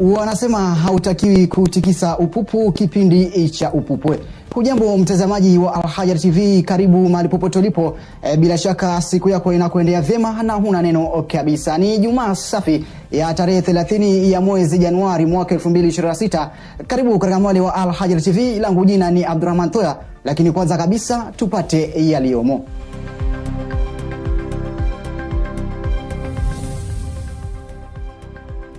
Wanasema hautakiwi kutikisa upupu kipindi cha upupwe. Hujambo mtazamaji wa Alhajar TV, karibu mahali popote ulipo. E, bila shaka siku yako inakuendea vyema na huna neno kabisa. Ni Jumaa safi ya tarehe 30 ya mwezi Januari mwaka 226 Karibu katika mwali wa Alhajar TV, langu jina ni abdurahman Toya, lakini kwanza kabisa tupate yaliyomo.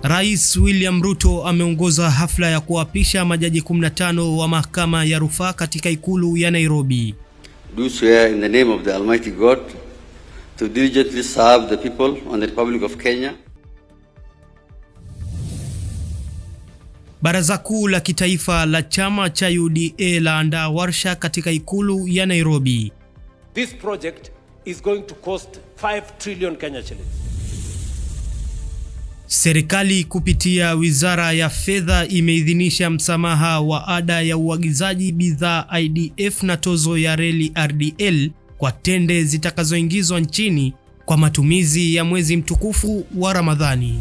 Rais William Ruto ameongoza hafla ya kuapisha majaji 15 wa mahakama ya rufaa katika ikulu ya Nairobi. Do swear in the name of the Almighty God to diligently serve the people on the Republic of Kenya. Baraza kuu la kitaifa la chama cha UDA laandaa warsha katika ikulu ya Nairobi. This project is going to cost 5 trillion Kenya shillings. Serikali kupitia Wizara ya Fedha imeidhinisha msamaha wa ada ya uagizaji bidhaa IDF na tozo ya reli RDL kwa tende zitakazoingizwa nchini kwa matumizi ya mwezi mtukufu wa Ramadhani.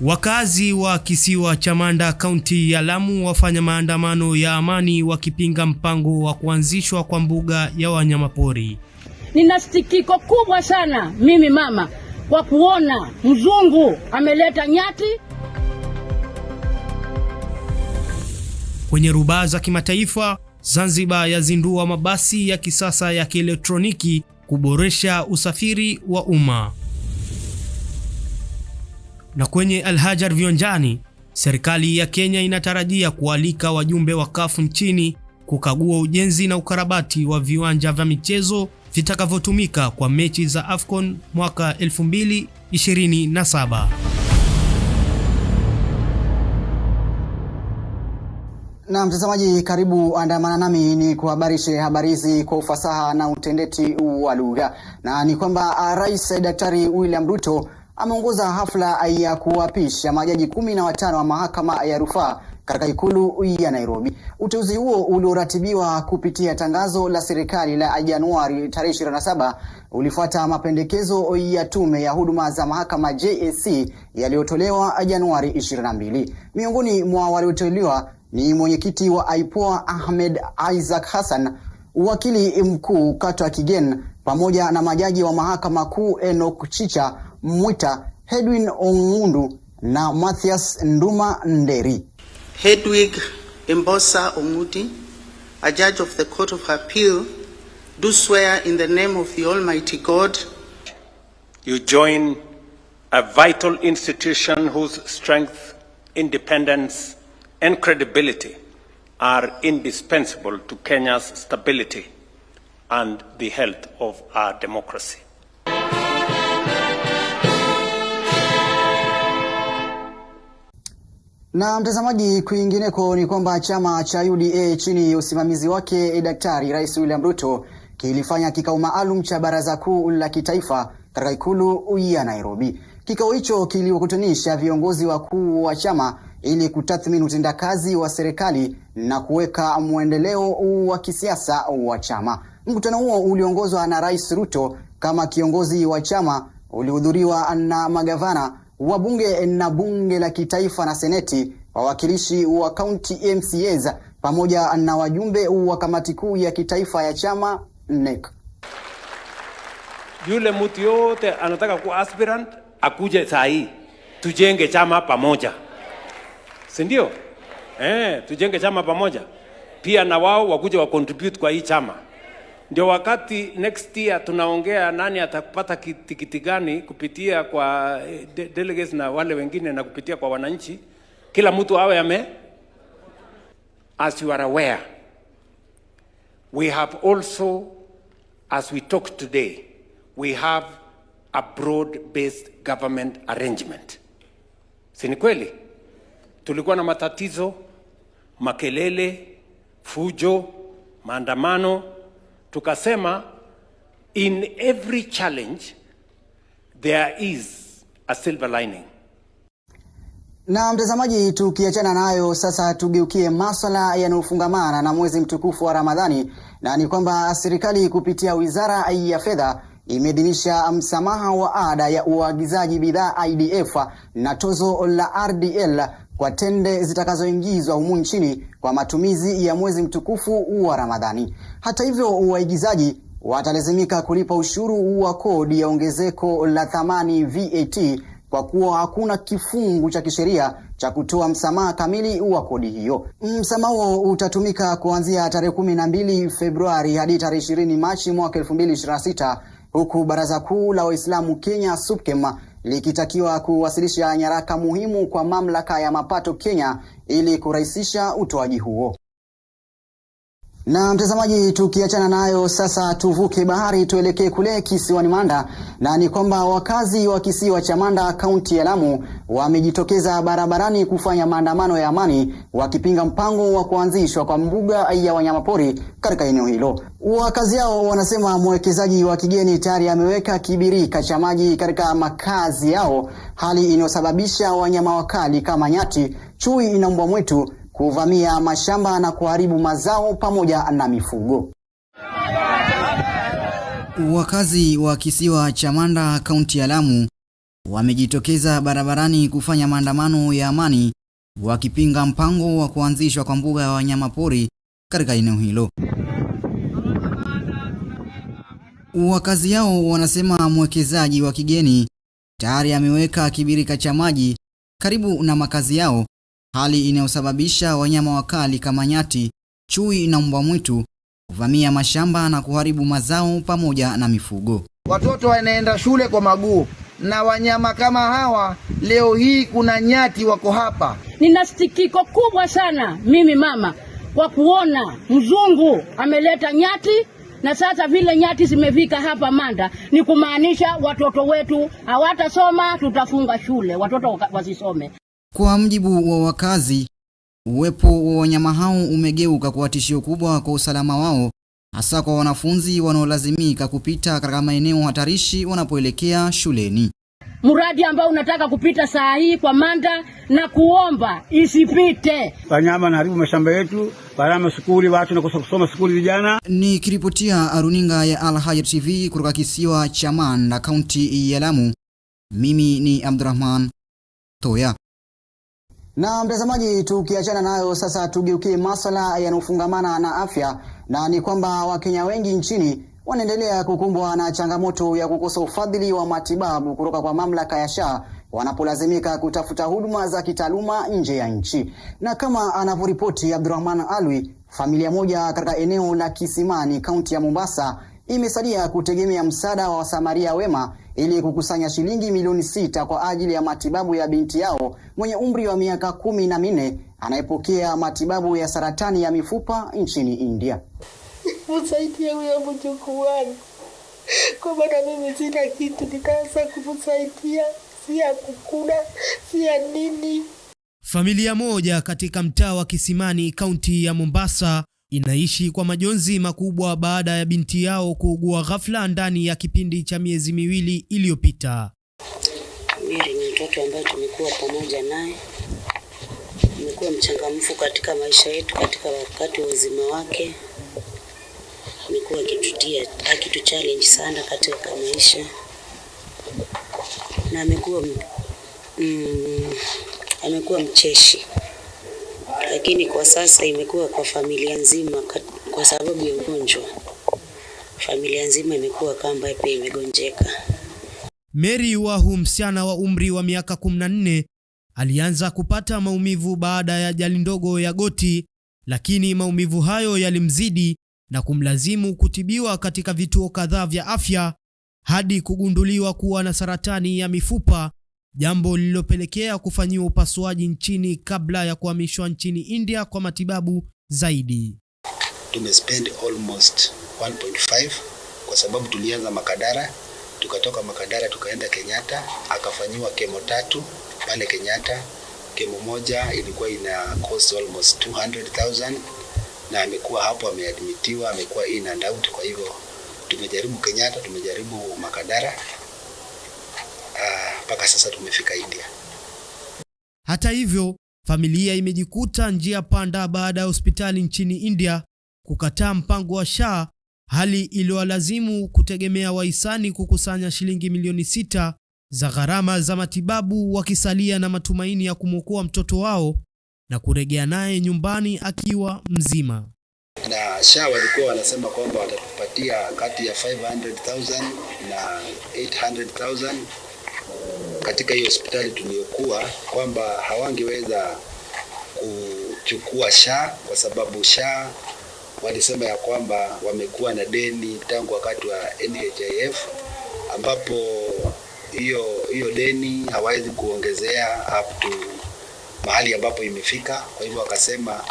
Wakazi wa kisiwa cha Manda, kaunti ya Lamu wafanya maandamano ya amani wakipinga mpango wa kuanzishwa kwa mbuga ya wanyamapori. Nina stikiko kubwa sana mimi mama kwa kuona mzungu ameleta nyati. Kwenye rubaa za kimataifa, Zanzibar yazindua mabasi ya kisasa ya kielektroniki kuboresha usafiri wa umma. Na kwenye Alhajar viwanjani, serikali ya Kenya inatarajia kualika wajumbe wa CAF nchini kukagua ujenzi na ukarabati wa viwanja vya michezo vitakavyotumika kwa mechi za AFCON mwaka 2027. Na mtazamaji, karibu andamana nami ni kuhabarishe habari hizi kwa ufasaha na utendeti wa lugha. Na ni kwamba ah, Rais Daktari William Ruto ameongoza hafla ya kuapisha majaji kumi na watano wa mahakama ya rufaa katika ikulu ya Nairobi. Uteuzi huo ulioratibiwa kupitia tangazo la serikali la Januari tarehe 27 ulifuata mapendekezo ya tume ya huduma za mahakama JSC yaliyotolewa Januari 22. Miongoni mwa walioteuliwa ni mwenyekiti wa IPOA Ahmed Isaac Hassan, wakili mkuu Katwa Kigen pamoja na majaji wa mahakama kuu Enoch Chicha Mwita, edwin Ongundu na Mathias Nduma Nderi. Hedwig Mbosa Omuti, a judge of the Court of Appeal, do swear in the name of the Almighty God. You join a vital institution whose strength, independence, and credibility are indispensable to Kenya's stability and the health of our democracy. Na mtazamaji, kwingineko ni kwamba chama cha UDA chini usimamizi wake Daktari Rais William Ruto kilifanya kikao maalum cha Baraza Kuu la Kitaifa katika ikulu ya Nairobi. Kikao hicho kiliwakutanisha viongozi wakuu wa chama ili kutathmini utendakazi wa serikali na kuweka mwendeleo wa kisiasa wa chama. Mkutano huo uliongozwa na Rais Ruto kama kiongozi wa chama, ulihudhuriwa na magavana wa bunge na bunge la kitaifa na seneti, wawakilishi wa kaunti MCAs pamoja na wajumbe wa kamati kuu ya kitaifa ya chama NEC. Yule mtu yote anataka kuwa aspirant akuje saa hii tujenge chama pamoja, si ndio? Eh, tujenge chama pamoja, pia na wao wakuje wa contribute kwa hii chama. Ndio wakati next year tunaongea nani atakupata tikiti gani kupitia kwa eh, de delegates na wale wengine na kupitia kwa wananchi. Kila mtu awe ame as you are aware we have also as we talk today we have a broad-based government arrangement. Si ni kweli? Tulikuwa na matatizo, makelele, fujo, maandamano tukasema in every challenge there is a silver lining. Na mtazamaji, tukiachana nayo sasa, tugeukie maswala yanayofungamana na mwezi mtukufu wa Ramadhani, na ni kwamba serikali kupitia Wizara ya Fedha imeidhinisha msamaha wa ada ya uagizaji bidhaa IDF na tozo la RDL kwa tende zitakazoingizwa humu nchini kwa matumizi ya mwezi mtukufu wa Ramadhani. Hata hivyo, waigizaji watalazimika kulipa ushuru wa kodi ya ongezeko la thamani VAT kwa kuwa hakuna kifungu cha kisheria cha kutoa msamaha kamili wa kodi hiyo. Msamaha huo utatumika kuanzia tarehe kumi na mbili Februari hadi tarehe ishirini Machi mwaka elfu mbili ishirini na sita huku Baraza Kuu la Waislamu Kenya SUPKEM likitakiwa kuwasilisha nyaraka muhimu kwa Mamlaka ya Mapato Kenya ili kurahisisha utoaji huo. Na mtazamaji, tukiachana nayo sasa, tuvuke bahari tuelekee kule kisiwani Manda, na ni kwamba wakazi wa kisiwa cha Manda, kaunti ya Lamu, wamejitokeza barabarani kufanya maandamano ya amani wakipinga mpango wa kuanzishwa kwa mbuga ya wanyamapori katika eneo hilo. Wakazi hao wanasema mwekezaji wa kigeni tayari ameweka kibirika cha maji katika makazi yao, hali inayosababisha wanyama wakali kama nyati, chui na mbwa mwitu kuvamia mashamba na kuharibu mazao pamoja na mifugo. Wakazi wa kisiwa cha Manda, kaunti ya Lamu, wamejitokeza barabarani kufanya maandamano ya amani wakipinga mpango wa kuanzishwa kwa mbuga ya wanyamapori katika eneo hilo. Wakazi hao wanasema mwekezaji wa kigeni tayari ameweka kibirika cha maji karibu na makazi yao hali inayosababisha wanyama wakali kama nyati, chui na mbwa mwitu kuvamia mashamba na kuharibu mazao pamoja na mifugo. Watoto wanaenda shule kwa maguu na wanyama kama hawa. Leo hii kuna nyati wako hapa. Nina sikitiko kubwa sana mimi mama, kwa kuona mzungu ameleta nyati na sasa vile nyati zimefika hapa Manda, ni kumaanisha watoto wetu hawatasoma, tutafunga shule, watoto wasisome. Kwa mjibu wa wakazi, uwepo wa wanyama hao umegeuka kuwa tishio kubwa kwa usalama wao, hasa kwa wanafunzi wanaolazimika kupita katika maeneo hatarishi wanapoelekea shuleni. Mradi ambao unataka kupita saa hii kwa Manda na kuomba isipite. Wanyama haribu mashamba yetu, barama shukuli, watu nakosa kusoma shukuli, vijana. ni kiripotia aruninga ya Al Hayat TV kutoka kisiwa cha Manda, kaunti ya Lamu, mimi ni Abdurrahman Toya. Na mtazamaji, tukiachana nayo sasa, tugeukie masuala yanayofungamana na afya, na ni kwamba Wakenya wengi nchini wanaendelea kukumbwa na changamoto ya kukosa ufadhili wa matibabu kutoka kwa mamlaka ya SHA wanapolazimika kutafuta huduma za kitaaluma nje ya nchi. Na kama anavyoripoti Abdurahman Alwi, familia moja katika eneo la Kisimani, kaunti ya Mombasa imesalia kutegemea msaada wa Wasamaria wema ili kukusanya shilingi milioni sita kwa ajili ya matibabu ya binti yao mwenye umri wa miaka kumi na minne anayepokea matibabu ya saratani ya mifupa nchini India. Msaidie huyo mjukuu wangu, kwa maana mimi sina kitu nikaanza kumsaidia, si ya kukula, si ya nini. Familia moja katika mtaa wa Kisimani, kaunti ya Mombasa inaishi kwa majonzi makubwa baada ya binti yao kuugua ghafla ndani ya kipindi cha miezi miwili iliyopita. Miri ni mtoto ambaye tumekuwa pamoja naye, amekuwa mchangamfu katika maisha yetu, katika wakati wa uzima wake amekuwa akitutia, akitu challenge sana katika maisha na amekuwa mm, amekuwa mcheshi lakini kwa sasa imekuwa kwa familia nzima kwa sababu ya ugonjwa, familia nzima imekuwa kamba pia imegonjeka. Mary Wahu, msichana wa umri wa miaka 14, alianza kupata maumivu baada ya ajali ndogo ya goti, lakini maumivu hayo yalimzidi na kumlazimu kutibiwa katika vituo kadhaa vya afya hadi kugunduliwa kuwa na saratani ya mifupa jambo lililopelekea kufanyiwa upasuaji nchini kabla ya kuhamishwa nchini India kwa matibabu zaidi. Tumespend almost 1.5 kwa sababu tulianza Makadara, tukatoka Makadara tukaenda Kenyatta, akafanyiwa kemo tatu pale Kenyatta. Kemo moja ilikuwa ina cost almost 200,000 na amekuwa hapo, ameadmitiwa, amekuwa in and out. Kwa hivyo tumejaribu Kenyatta, tumejaribu Makadara. Eh, mpaka uh, sasa tumefika India. Hata hivyo, familia imejikuta njia panda baada ya hospitali nchini India kukataa mpango wa SHA, hali iliyowalazimu kutegemea wahisani kukusanya shilingi milioni sita za gharama za matibabu, wakisalia na matumaini ya kumwokoa mtoto wao na kurejea naye nyumbani akiwa mzima. Na SHA walikuwa wanasema kwamba watatupatia kati ya 500,000 na 800,000 katika hiyo hospitali tuliyokuwa kwamba hawangeweza kuchukua SHA kwa sababu SHA walisema ya kwamba wamekuwa na deni tangu wakati wa NHIF ambapo hiyo hiyo deni hawawezi kuongezea up to mahali ambapo imefika. Kwa hivyo wakasema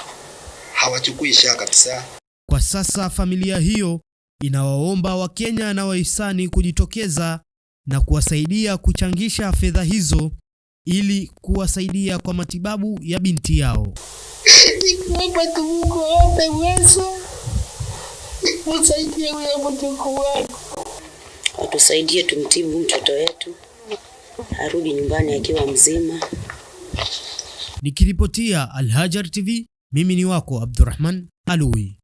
hawachukui SHA kabisa. Kwa sasa familia hiyo inawaomba Wakenya na wahisani kujitokeza na kuwasaidia kuchangisha fedha hizo ili kuwasaidia kwa matibabu ya binti yao. Nikuomba tu Mungu awape uwezo, huyo wako, atusaidie tumtibu mtoto wetu arudi nyumbani akiwa mzima. Nikiripotia Alhajar TV, mimi ni wako Abdurrahman Alui.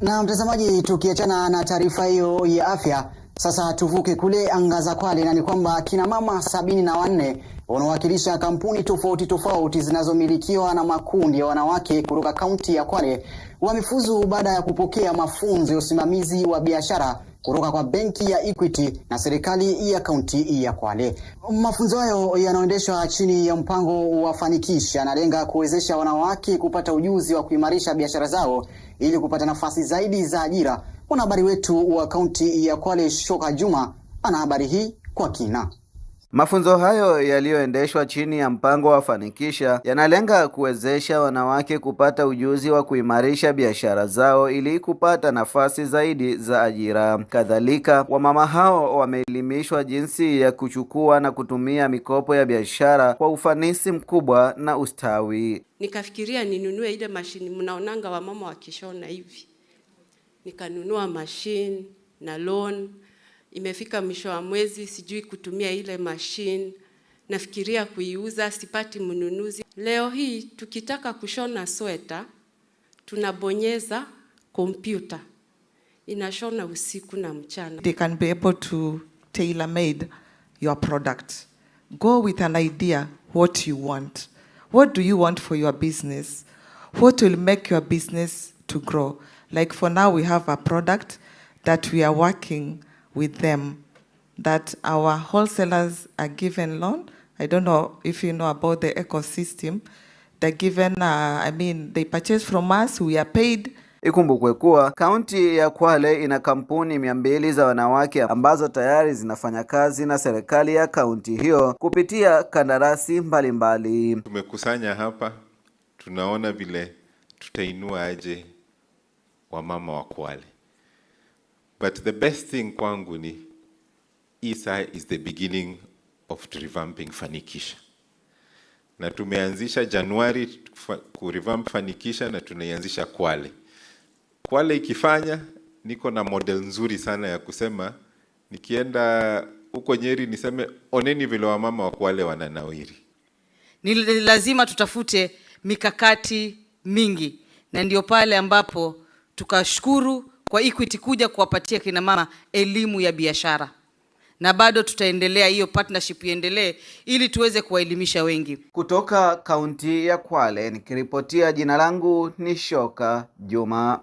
Na mtazamaji, tukiachana na taarifa hiyo ya afya sasa tuvuke kule anga za Kwale na ni kwamba kina mama sabini na wanne wanaowakilisha kampuni tofauti tofauti zinazomilikiwa na makundi ya wanawake kutoka kaunti ya Kwale wamefuzu baada ya kupokea mafunzo ya usimamizi wa biashara kutoka kwa benki ya Equity na serikali ya kaunti ya Kwale. Mafunzo hayo yanaoendeshwa chini ya mpango wa Fanikisha analenga kuwezesha wanawake kupata ujuzi wa kuimarisha biashara zao ili kupata nafasi zaidi za ajira Mwanahabari wetu wa kaunti ya Kwale, Shoka Juma, ana habari hii kwa kina. Mafunzo hayo yaliyoendeshwa chini ya mpango wa Fanikisha yanalenga kuwezesha wanawake kupata ujuzi wa kuimarisha biashara zao ili kupata nafasi zaidi za ajira. Kadhalika, wamama hao wameelimishwa jinsi ya kuchukua na kutumia mikopo ya biashara kwa ufanisi mkubwa na ustawi. Nikafikiria ninunue ile mashini mnaonanga wamama wakishona hivi nikanunua machine na loan. Imefika mwisho wa mwezi, sijui kutumia ile machine, nafikiria kuiuza, sipati mnunuzi. Leo hii tukitaka kushona sweta tunabonyeza kompyuta, inashona usiku na mchana. They can be able to tailor made your product. Go with an idea what you want. What do you want for your business? What will make your business to grow? Like for now, we have a product that we are working with them, that our wholesalers are given loan. I don't know if you know about the ecosystem. They're given, uh, I mean, they purchase from us, we are paid Ikumbukwe kuwa kaunti ya Kwale ina kampuni mia mbili za wanawake ambazo tayari zinafanya kazi na serikali ya kaunti hiyo kupitia kandarasi mbalimbali. Tumekusanya hapa, tunaona vile tutainua aje mama wa Kwale. But the best thing kwangu ni isa is the beginning of revamping Fanikisha, na tumeanzisha Januari revamp Fanikisha na tunaianzisha Kwale. Kwale ikifanya, niko na model nzuri sana ya kusema nikienda huko Nyeri niseme oneni vile wamama wa Kwale wananawiri. Ni lazima tutafute mikakati mingi, na ndio pale ambapo tukashukuru kwa Equity kuja kuwapatia kina mama elimu ya biashara, na bado tutaendelea hiyo partnership iendelee ili tuweze kuwaelimisha wengi. Kutoka kaunti ya Kwale nikiripotia, jina langu ni Shoka Juma.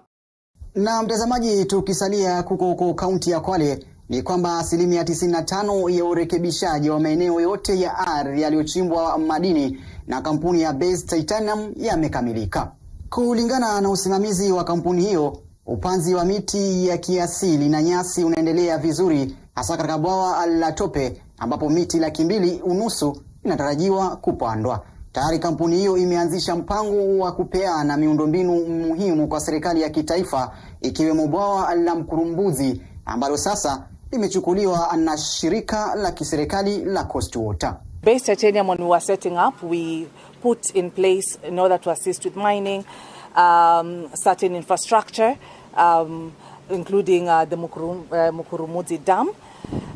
Na mtazamaji, tukisalia kuko huko kaunti ya Kwale ni kwamba asilimia 95 ya urekebishaji wa maeneo yote ya ardhi yaliyochimbwa madini na kampuni ya Base Titanium yamekamilika. Kulingana na usimamizi wa kampuni hiyo, upanzi wa miti ya kiasili na nyasi unaendelea vizuri, hasa katika bwawa la Tope ambapo miti laki mbili unusu inatarajiwa kupandwa. Tayari kampuni hiyo imeanzisha mpango wa kupeana miundombinu muhimu kwa serikali ya kitaifa ikiwemo bwawa la Mkurumbuzi ambalo sasa limechukuliwa na shirika la kiserikali la Coast Water. Base Titanium, when we were setting up, we put in place in order to assist with mining, um, certain infrastructure, um, including uh, the Mukurum, uh, Mukurumudzi Dam.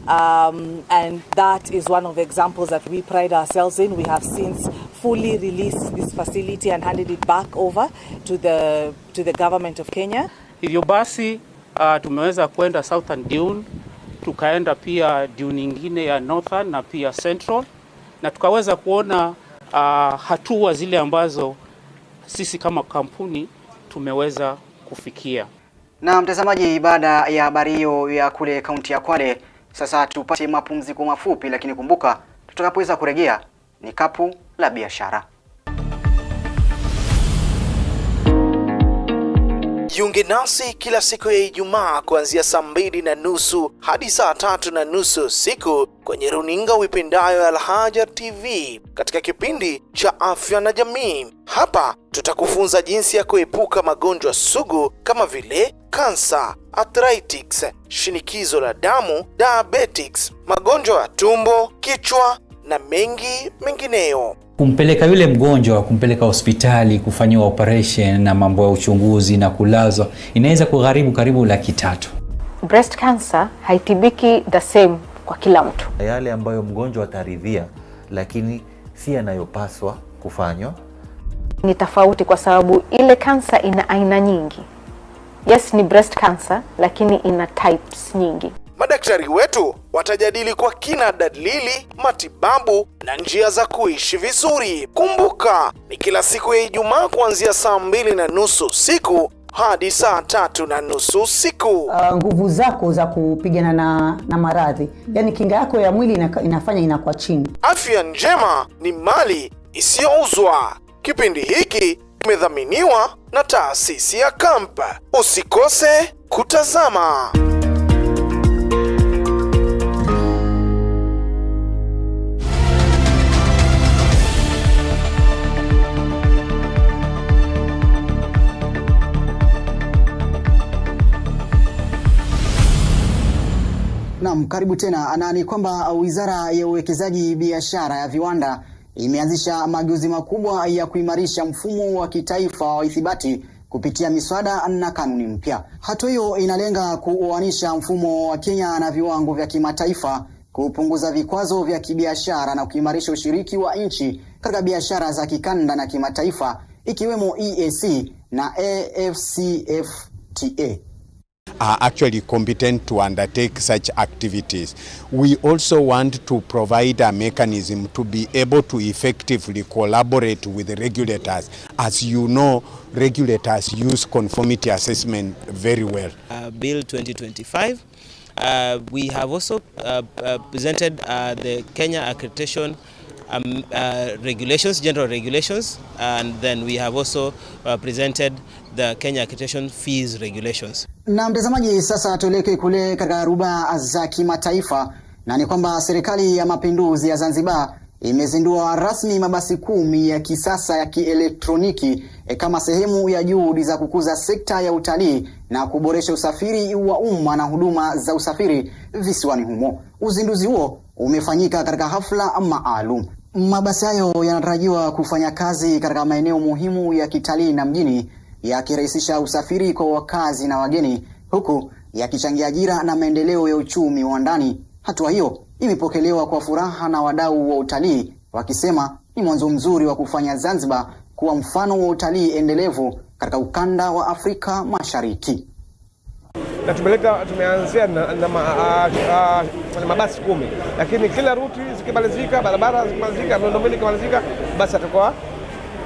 Um, and that is one of the examples that we pride ourselves in. We have since fully released this facility and handed it back over to the, to the government of Kenya. Hivyo basi uh, tumeweza kwenda Southern Dune tukaenda pia dune nyingine ya Northern na pia Central na tukaweza kuona uh, hatua zile ambazo sisi kama kampuni tumeweza kufikia. Na mtazamaji, baada ya habari hiyo ya kule kaunti ya Kwale, sasa tupate mapumziko mafupi, lakini kumbuka tutakapoweza kurejea ni kapu la biashara. Jiunge nasi kila siku ya Ijumaa kuanzia saa mbili na nusu hadi saa tatu na nusu usiku kwenye runinga uipendayo ya Alhajar TV katika kipindi cha afya na jamii. Hapa tutakufunza jinsi ya kuepuka magonjwa sugu kama vile kansa, arthritis, shinikizo la damu, diabetics, magonjwa ya tumbo, kichwa na mengi mengineyo kumpeleka yule mgonjwa kumpeleka hospitali kufanyiwa operation na mambo ya uchunguzi na kulazwa inaweza kugharimu karibu laki tatu. Breast cancer haitibiki the same kwa kila mtu, yale ambayo mgonjwa ataridhia, lakini si yanayopaswa kufanywa ni tofauti, kwa sababu ile kansa ina aina nyingi. Yes, ni breast cancer, lakini ina types nyingi. Madaktari wetu watajadili kwa kina dalili, matibabu na njia za kuishi vizuri. Kumbuka ni kila siku ya Ijumaa kuanzia saa mbili na nusu usiku hadi saa tatu na nusu usiku. Uh, nguvu zako za kupigana na, na maradhi, yaani kinga yako ya mwili inafanya inakuwa chini. Afya njema ni mali isiyouzwa. Kipindi hiki kimedhaminiwa na taasisi ya Kampa. Usikose kutazama. Naam, karibu tena. Na ni kwamba uh, Wizara ya Uwekezaji, Biashara ya Viwanda imeanzisha mageuzi makubwa ya kuimarisha mfumo wa kitaifa wa ithibati kupitia miswada na kanuni mpya. Hatua hiyo inalenga kuoanisha mfumo wa Kenya na viwango vya kimataifa, kupunguza vikwazo vya kibiashara na kuimarisha ushiriki wa nchi katika biashara za kikanda na kimataifa, ikiwemo EAC na AfCFTA are actually competent to undertake such activities. We also want to provide a mechanism to be able to effectively collaborate with the regulators. As you know, regulators use conformity assessment very well. Uh, Bill 2025 uh, we have also uh, uh, presented uh, the Kenya Accreditation um, uh, regulations, general regulations, and then we have also uh, presented the Kenya Accreditation Fees Regulations. Na mtazamaji, sasa tuelekee kule katika ruba za kimataifa, na ni kwamba serikali ya mapinduzi ya Zanzibar imezindua rasmi mabasi kumi ya kisasa ya kielektroniki e, kama sehemu ya juhudi za kukuza sekta ya utalii na kuboresha usafiri wa umma na huduma za usafiri visiwani humo. Uzinduzi huo umefanyika katika hafla maalum. Mabasi hayo yanatarajiwa kufanya kazi katika maeneo muhimu ya kitalii na mjini, yakirahisisha usafiri kwa wakazi na wageni, huku yakichangia ajira na maendeleo ya uchumi wa ndani. Hatua hiyo imepokelewa kwa furaha na wadau wa utalii wakisema ni mwanzo mzuri wa kufanya Zanzibar kuwa mfano wa utalii endelevu katika ukanda wa Afrika Mashariki na tumeleta tumeanzia na, na, ma, a, a, na mabasi kumi, lakini kila ruti zikimalizika, barabara zikimalizika, miundombinu ikimalizika, basi atakuwa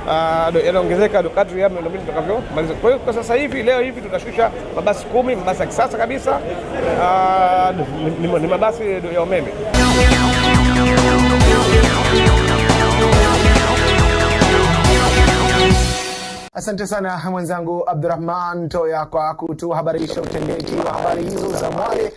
Uh, yanaongezeka kadri ya miundombinu tutakavyomaliza. Kwa hiyo kwa sasa hivi leo hivi tutashusha mabasi kumi, mabasi ya kisasa kabisa, uh, ni mabasi ya umeme Asante sana mwenzangu Abdurahman Toya kwa kutuhabarisha utendeji wa habari hizo za Mwale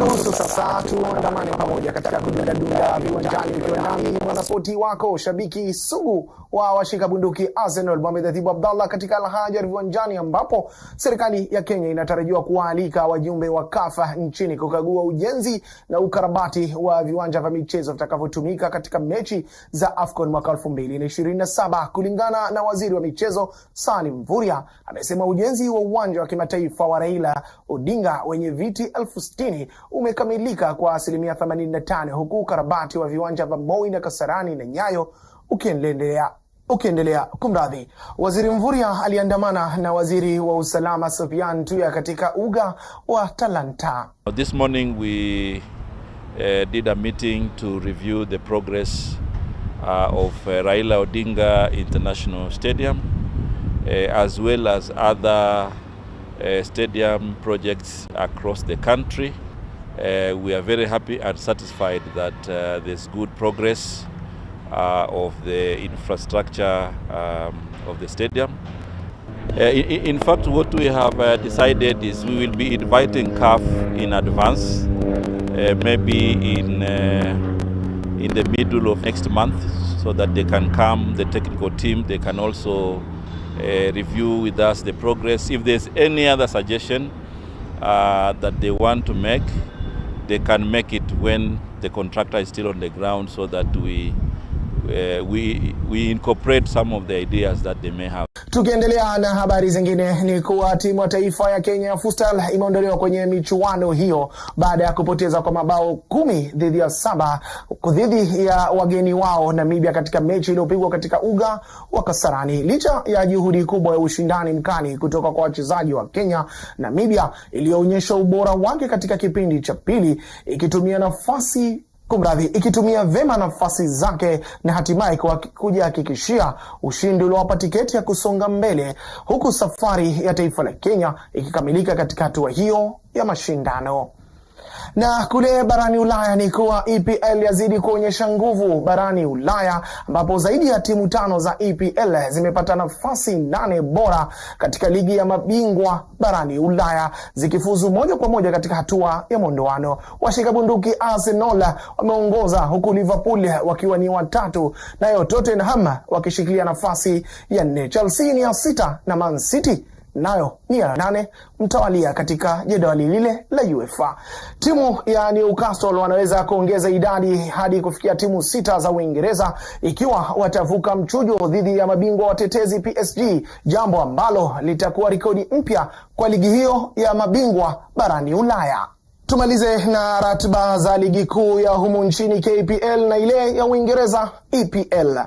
nusu sasa tuandamane pamoja katika kudundadunda viwanjani, ikiwa nami mwanaspoti wako shabiki sugu wa washika bunduki Arsenal Mohamed Abdallah katika Alhajar viwanjani, ambapo serikali ya Kenya inatarajiwa kuwaalika wajumbe wa Kafa nchini kukagua ujenzi na ukarabati wa viwanja vya michezo vitakavyotumika katika mechi za AFCON mwaka saba. Kulingana na waziri wa michezo Sani Mvurya, amesema ujenzi wa uwanja wa kimataifa wa Raila Odinga wenye viti elfu sitini umekamilika kwa asilimia 85 huku ukarabati wa viwanja vya Moi na Kasarani na Nyayo ukiendelea ukiendelea kumradhi. Waziri Mvurya aliandamana na waziri wa usalama Sofian Tuya katika uga wa Talanta. This morning we uh, did a meeting to review the progress uh, of uh, Raila Odinga International Stadium uh, as well as other uh, stadium projects across the country. Uh, we are very happy and satisfied that uh, there's good progress uh, of the infrastructure um, of the stadium. Uh, in, in, fact, what we have uh, decided is we will be inviting CAF in advance, uh, maybe in, in the middle of next month, so that they can come, the technical team, they can also review with us the progress. If there's any other suggestion that they want to make, they can make it when the contractor is still on the ground so that we Eh, we, we incorporate some of the ideas that they may have. Tukiendelea na habari zingine ni kuwa timu ya taifa ya Kenya Fustal imeondolewa kwenye michuano hiyo baada ya kupoteza kwa mabao kumi dhidi ya saba dhidi ya wageni wao Namibia katika mechi iliyopigwa katika uga wa Kasarani. Licha ya juhudi kubwa ya ushindani mkali kutoka kwa wachezaji wa Kenya, Namibia iliyoonyesha ubora wake katika kipindi cha pili ikitumia nafasi kumradhi, ikitumia vema nafasi zake na hatimaye kujihakikishia ushindi uliowapa tiketi ya kusonga mbele, huku safari ya taifa la Kenya ikikamilika katika hatua hiyo ya mashindano. Na kule barani Ulaya ni kuwa EPL yazidi kuonyesha nguvu barani Ulaya, ambapo zaidi ya timu tano za EPL zimepata nafasi nane bora katika ligi ya mabingwa barani Ulaya, zikifuzu moja kwa moja katika hatua ya mwondoano. Washika bunduki Arsenal wameongoza huku Liverpool wakiwa ni watatu, nayo Tottenham wakishikilia nafasi ya nne, Chelsea ni ya sita na Man City nayo ni ya nane mtawalia katika jedwali lile la UEFA. Timu ya Newcastle wanaweza kuongeza idadi hadi kufikia timu sita za Uingereza ikiwa watavuka mchujo dhidi ya mabingwa watetezi PSG, jambo ambalo litakuwa rekodi mpya kwa ligi hiyo ya mabingwa barani Ulaya. Tumalize na ratiba za ligi kuu ya humu nchini KPL na ile ya Uingereza EPL.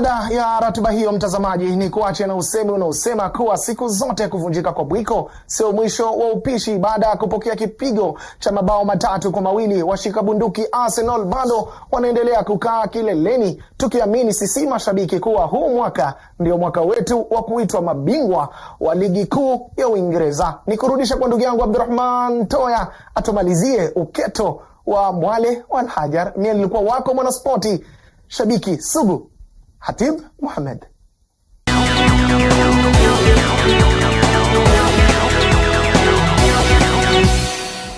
Baada ya ratiba hiyo, mtazamaji, ni kuache na usemi unaosema kuwa siku zote kuvunjika kwa bwiko sio mwisho wa upishi. Baada ya kupokea kipigo cha mabao matatu kwa mawili, washika bunduki Arsenal bado wanaendelea kukaa kileleni, tukiamini sisi mashabiki kuwa huu mwaka ndio mwaka wetu wa kuitwa mabingwa wa ligi kuu ya Uingereza. Ni kurudisha kwa ndugu yangu Abdurahman Toya atumalizie uketo wa Mwale Walhajar. Mie nilikuwa wako mwanaspoti shabiki sugu. Hatib Mohamed.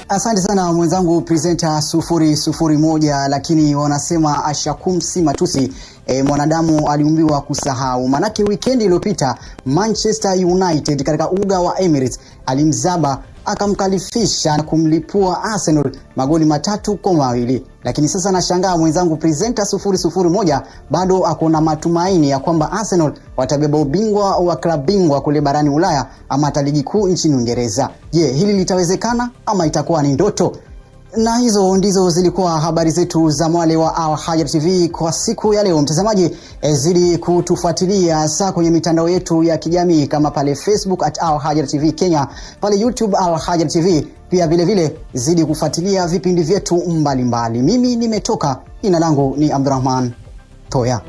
Asante sana mwenzangu presenter sufuri sufuri moja, lakini wanasema ashakum si matusi. E, mwanadamu aliumbiwa kusahau. Manake weekend iliyopita Manchester United katika uga wa Emirates alimzaba akamkalifisha na kumlipua Arsenal magoli matatu kwa mawili. Lakini sasa nashangaa mwenzangu presenter sufuri sufuri moja bado akona matumaini ya kwamba Arsenal watabeba ubingwa wa klabu bingwa kule barani Ulaya ama hata ligi kuu nchini Uingereza. Je, hili litawezekana ama itakuwa ni ndoto? Na hizo ndizo zilikuwa habari zetu za mwale wa Al TV kwa siku ya leo. Mtazamaji, e, zidi kutufuatilia saa kwenye mitandao yetu ya kijamii kama pale Facebook at Al TV Kenya, pale YouTube Al TV, pia vilevile zidi kufuatilia vipindi vyetu mbalimbali. Mimi nimetoka, jina langu ni abdurahman Toya.